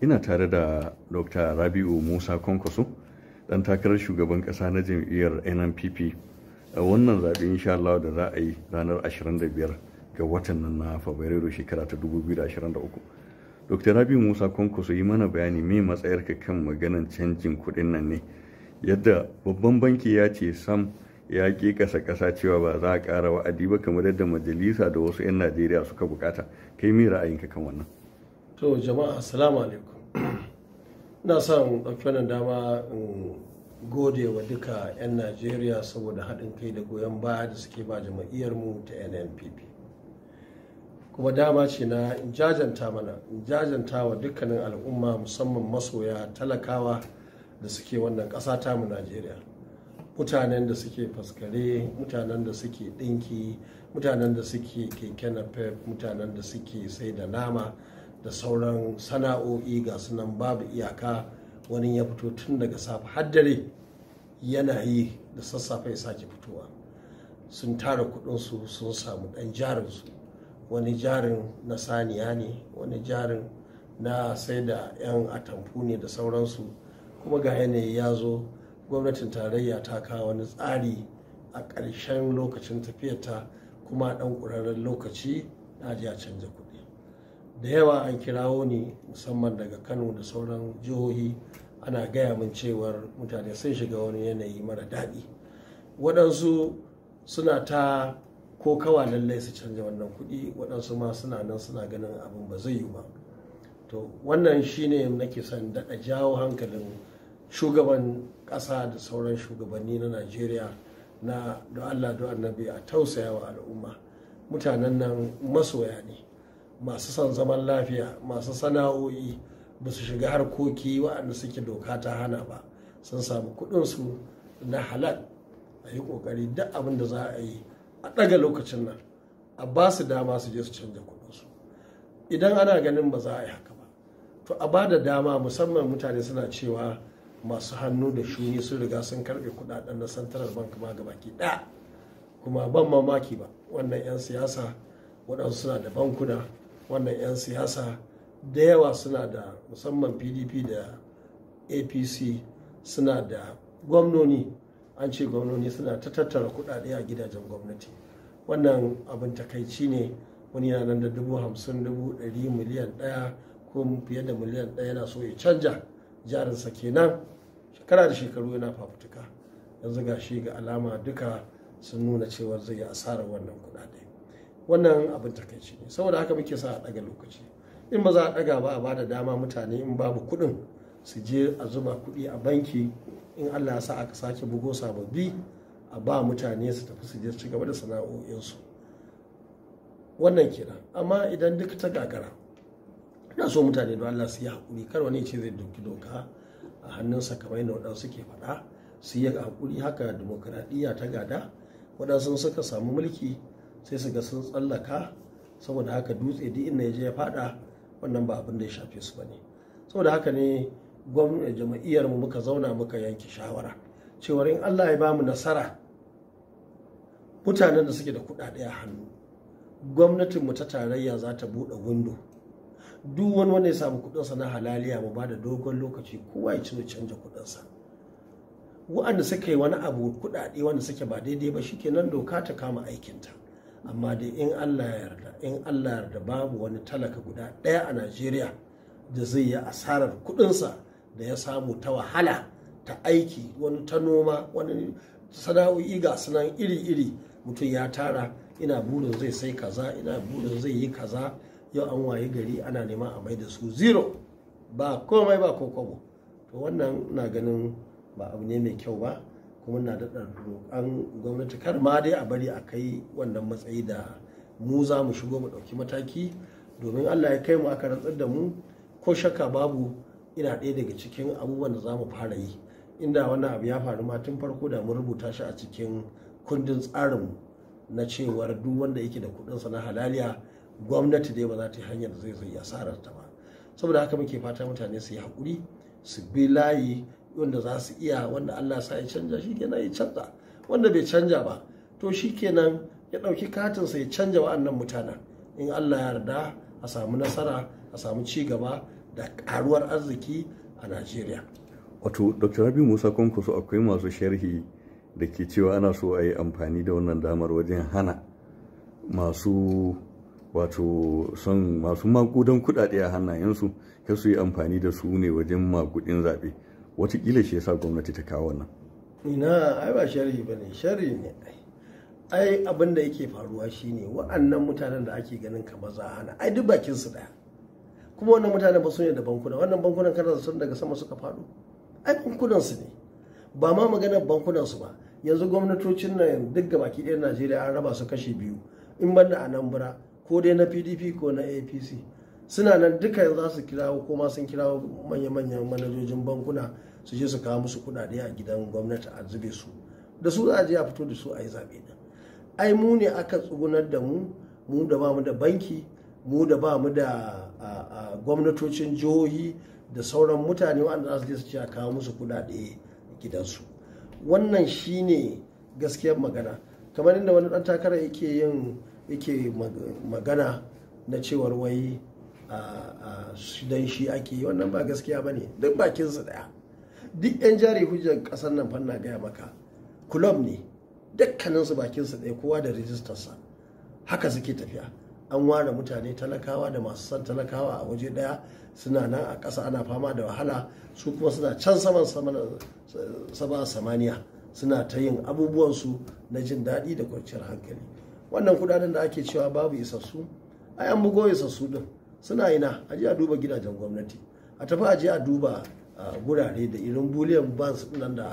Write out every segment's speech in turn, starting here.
ina tare da dr rabiu musa kwankwaso dan takarar shugaban kasa na jam'iyyar nnpp a wannan zaɓe insha Allah da za a yi ranar 25 ga watan nan na fabrairu shekara ta 2023 dr rabiu musa kwankwaso yi mana bayani me matsayarka kan maganan canjin kuɗin nan ne yadda babban banki ya ce sam ya ƙi ƙasa ƙasa cewa ba za a ƙara wa'adi ba kamar yadda majalisa da wasu 'yan najeriya suka bukata kai me ra'ayinka kan wannan to jama'a assalamu alaikum ina son ɗauki dama in gode wa duka 'yan najeriya saboda haɗin kai da goyon baya da suke ba mu ta nnpp kuma dama ce na in jajanta mana jajanta wa dukkanin al'umma musamman masoya talakawa da suke wannan ƙasa tamu najeriya mutanen da suke faskare mutanen da suke ɗinki mutanen da suke keke napep mutanen da suke sai da nama da sauran sana'o'i ga sunan babu iyaka wani ya fito tun daga safe haddare, yana yi da sassafe ya sake fitowa sun tara kudinsu sun samu dan jarinsu wani jarin na saniya ne wani jarin na sai da 'yan atamfu ne da sauransu kuma ga yanayi ya zo gwamnatin tarayya ta kawo wani tsari a ƙarshen lokacin tafiyarta kuma a ɗan ƙurarren lokaci na ji canja kuɗi da yawa an kirawo ni musamman daga kano da sauran jihohi ana gaya min cewar mutane sun shiga wani yanayi mara daɗi waɗansu suna ta ko kawa lallai su canja wannan kuɗi waɗansu ma suna nan suna ganin abin ba zai yi ba to wannan shine nake son daɗa jawo hankalin shugaban ƙasa da sauran shugabanni na najeriya na da allah da annabi a tausaya wa al'umma mutanen nan masoya ne masu son zaman lafiya masu sana'o'i ba su shiga harkoki waɗanda suke doka ta hana ba sun samu kuɗinsu na halal a yi ƙoƙari duk abin da za a yi a ɗaga lokacin nan a ba su dama su je su canja kuɗinsu idan ana ganin ba za a yi haka ba to a ba da dama musamman mutane suna cewa masu hannu da shuni sun riga sun karɓe kuɗaɗen na santarar bank ma baki ɗaya kuma ban mamaki ba wannan 'yan siyasa waɗansu suna da bankuna wannan 'yan siyasa da yawa suna da musamman pdp da apc suna da gwamnoni an ce gwamnoni suna ta tattara kudade a gidajen gwamnati wannan abin takaici ne wani yana nan da dubu hamsin dubu ɗari miliyan ɗaya ko fiye da miliyan ɗaya na so ya canja jarinsa kenan shekara da shekaru yana fafutuka yanzu ga shi ga alama duka sun nuna cewa zai yi asarar wannan kudade wannan abin takaici ne saboda haka muke sa a daga lokaci in ba za a daga ba a bada dama mutane in babu kuɗin su je a zuba kuɗi a banki in allah ya sa aka sake bugo sababbi a ba mutane su tafi su je su gaba da sana'o'insu wannan kenan amma idan duk ta gagara ina so mutane don allah su yi hakuri kar wani ce zai doki doka a hannunsa kamar yadda waɗansu ke faɗa su yi haƙuri haka dimokuraɗiyya ta gada waɗansu suka samu mulki sai su ga sun tsallaka saboda haka dutse di inda ya je ya fada wannan ba abin da ya shafe su bane saboda haka ne gwamnati jama'iyyar mu muka zauna muka yanke shawara cewa in Allah ya bamu nasara mutanen da suke da kuɗaɗe a hannu gwamnatin mu ta tarayya za ta buɗe windo duk wani wanda ya samu sa na halaliya mu ba da dogon lokaci kowa ya ciro canja kuɗinsa wa'anda suka yi wani abu kuɗaɗe wanda suke ba daidai ba shikenan doka ta kama aikinta amma dai in allah ya yarda in allah ya yarda babu wani talaka guda ɗaya a najeriya da zai yi asarar sa da ya samu ta wahala ta aiki wani ta noma wani sana'o'i ga sunan iri-iri mutum ya tara ina burin zai sai kaza ina burin zai yi kaza yau an waye gari ana neman a mai da su zero ba komai ba ko kwabo to wannan na ganin ba abu ne mai kyau ba kuma na daɗa roƙon gwamnati kar ma dai a bari a kai wannan matsayi da mu za mu shigo mu ɗauki mataki domin allah ya kai mu aka rantsar da mu ko shakka babu ina ɗaya daga cikin abubuwan da za mu fara yi inda wannan abu ya faru ma tun farko da mu rubuta shi a cikin kundin tsarin na cewar duk wanda yake da kuɗinsa na halaliya gwamnati dai ba za ta yi hanyar da zai zai ya ta ba saboda haka muke fata mutane su yi haƙuri su bi layi wanda za su iya wanda Allah sa ya canja shi kenan ya canza wanda bai canja ba to shi kenan ya ɗauki katinsa ya canja annan mutanen in Allah ya yarda a samu nasara a samu ci gaba da karuwar arziki a Najeriya. Wato Dr. Rabi Musa Kwankwaso akwai masu sharhi da ke cewa ana so a yi amfani da wannan damar wajen hana masu wato son masu makudan kudade a hannayensu ka su yi amfani da su ne wajen makudin zaɓe. watakila shi yasa gwamnati ta kawo wannan ina ai ba sharhi ba ne sharhi ne ai abin da yake faruwa shine wa'annan mutanen da ake ganin kamar za hana ai duk bakin su daya kuma wannan mutanen ba su ne da bankuna wannan bankunan kada su daga sama suka faru? ai bankunan su ne ba ma maganar bankunan su ba yanzu gwamnatocin nan duk ga baki ɗaya Najeriya an raba su kashi biyu in ban a anambra ko dai na PDP ko na APC suna nan duka za su kirawo kuma sun kirawo manya-manyan manajojin bankuna su je su kawo musu kudade a gidan gwamnati a zube su da su za a je a fito da su a yi zaɓe nan ai mu ne aka tsugunar da mu mu da ba mu da banki mu da ba mu da gwamnatocin jihohi da sauran mutane wanda za su je su ce a kawo musu kudade gidansu wannan shine gaskiyar magana kamar inda wani ɗan takara yake yin yake magana na cewar wai dan shi ake wannan ba gaskiya ba ne duk bakinsa daya duk 'yan jari hujjar kasar nan fanna gaya maka kulob ne dukkaninsu bakinsa daya kowa da rijistarsa haka suke tafiya an ware mutane talakawa da masu san talakawa a waje daya suna nan a ƙasa ana fama da wahala su kuma suna can saman sama samaniya suna ta yin abubuwansu na jin daɗi da kwanciyar hankali wannan kudaden da ake cewa babu isassu ai an bugo isassu din suna ina a je a duba gidajen gwamnati a tafi a je a duba gurare da irin buliyan bans nan da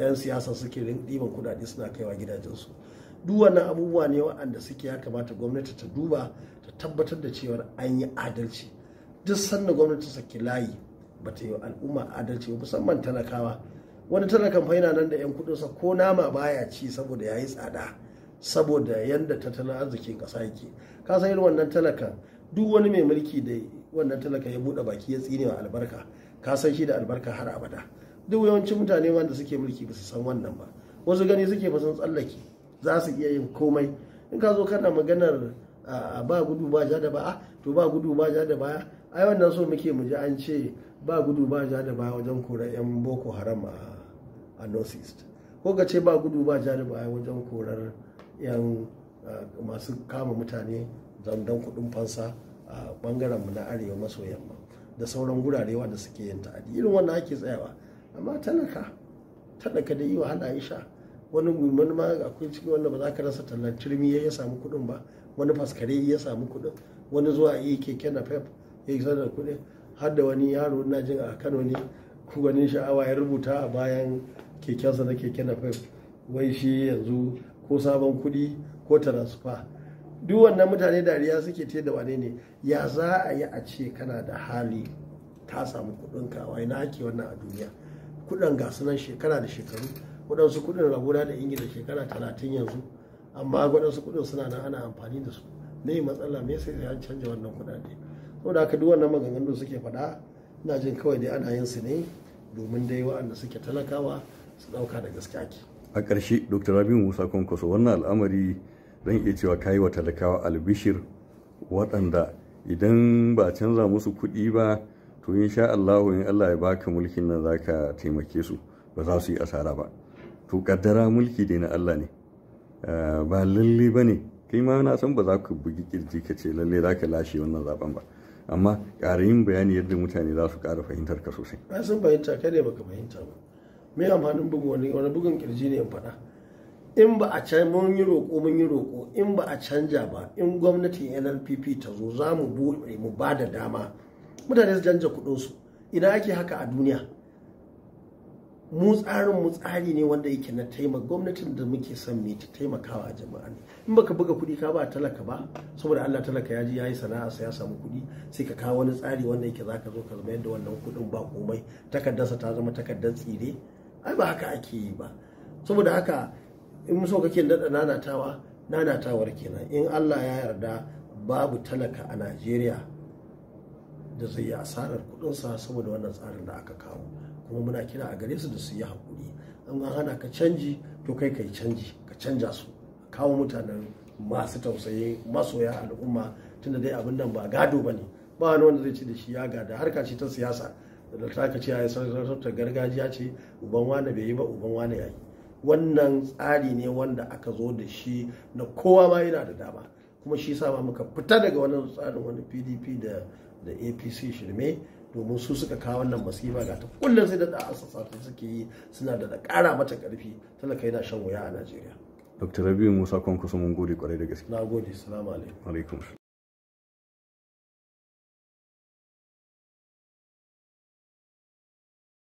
yan siyasa suke ɗiban kudade suna kaiwa gidajensu duk wannan abubuwa ne waɗanda suke ya kamata gwamnati ta duba ta tabbatar da cewar an yi adalci duk sanda gwamnati saki layi ba ta yi wa al'umma adalci ba musamman talakawa wani talakan faina nan da yan kudinsa ko nama baya ci saboda ya yi tsada saboda yadda tattalin arzikin ƙasa yake ka san irin wannan talakan duk wani mai mulki da wannan talaka ya bude baki ya tsine wa albarka ka san shi da albarka har abada duk yawancin mutane wanda suke mulki ba su san wannan ba wasu gani suke fasan tsallake za su iya yin komai in ka zo kana maganar ba gudu ba ja da ba to ba gudu ba ja da baya ai wannan so muke mu ji an ce ba gudu ba ja da baya wajen koran yan boko haram a north east ko ga ce ba gudu ba ja da baya wajen korar yan masu kama mutane don kudin fansa a bangaren mu na arewa maso yamma da sauran gurare wanda suke yin ta'addi. irin wannan ake tsayawa amma talaka talaka da yi wahala aisha sha wani ma akwai ciki wanda ba za ka rasa tallan turmi ya samu kuɗin ba wani faskare ya samu kuɗin wani zuwa yi keke na pep ya yi sanar kuɗin har da wani yaro na jin a kano ne Ku wani sha'awa ya rubuta a bayan kekensa na keke na fef? wai shi yanzu ko sabon kuɗi ko transfer duk wannan mutane dariya suke te da wane ne ya za a yi a ce kana da hali ta samu kudin kawai na ake wannan a duniya kudin ga sunan shekara da shekaru waɗansu kudin rabona da ingila shekara talatin yanzu amma waɗansu kudin suna nan ana amfani da su ne matsala me sai an canja wannan kudade saboda haka duk wannan maganganun suke faɗa ina jin kawai dai ana yin su ne domin dai waɗanda suke talakawa su ɗauka da gaskiya a ƙarshe dr rabiu musa kwankwaso wannan al'amari zan iya cewa kayi wa talakawa albishir waɗanda idan ba a canza musu kuɗi ba to in sha Allahu in Allah ya baka mulkin nan zaka taimake su ba za su yi asara ba to kaddara mulki dai na Allah ne ah, ba lalle bane kai ma na san ba za ka bugi kirji ka ce lalle za ka lashe wannan zaben ba amma ƙara yin bayani yadda mutane za su ƙara fahimtar ka sosai. Na san fahimta kada ne baka fahimta ba. Me amfanin bugun wani wani bugun kirji ne in faɗa. in ba a can mun yi roƙo mun yi roƙo in ba a canja ba in gwamnatin NNPP ta zo za mu buɗe mu ba da dama mutane su canja kuɗinsu ina ake haka a duniya mu tsarin mu tsari ne wanda yake na taimaka gwamnatin da muke son me ta taimakawa a jama'a ne in baka buga kuɗi ka ba talaka ba saboda Allah talaka ya ji ya yi sana'a sai ya samu kuɗi sai ka kawo wani tsari wanda yake zaka zo ka zama yadda wannan kuɗin ba komai takardarsa ta zama takardar tsire ai ba haka ake yi ba saboda haka in so kake dada nanatawa nanatawar kenan in Allah ya yarda babu talaka a Najeriya da zai yi asarar kuɗinsa saboda wannan tsarin da aka kawo kuma muna kira a gare su da su yi hakuri. in an hana ka canji to kai ka yi canji ka canja su kawo mutanen masu tausayi masoya al'umma tunda dai abin nan ba gado ba ne ba wani wanda zai ci da shi ya gada harka ce ta siyasa da ta ka ce ya yi gargajiya ce uban wane bai yi ba uban wane ya yi wannan tsari ne wanda aka zo da shi na kowa ma yana da dama kuma shi sa muka fita daga wannan tsarin wani pdp da da apc shirme domin su suka kawo wannan masifa ga ta kullum sai da da suke yi suna da da kara mata karfi talaka na shan wuya a najeriya dr rabiu musa kwankwaso mun gode kwarai da gaske na gode salamu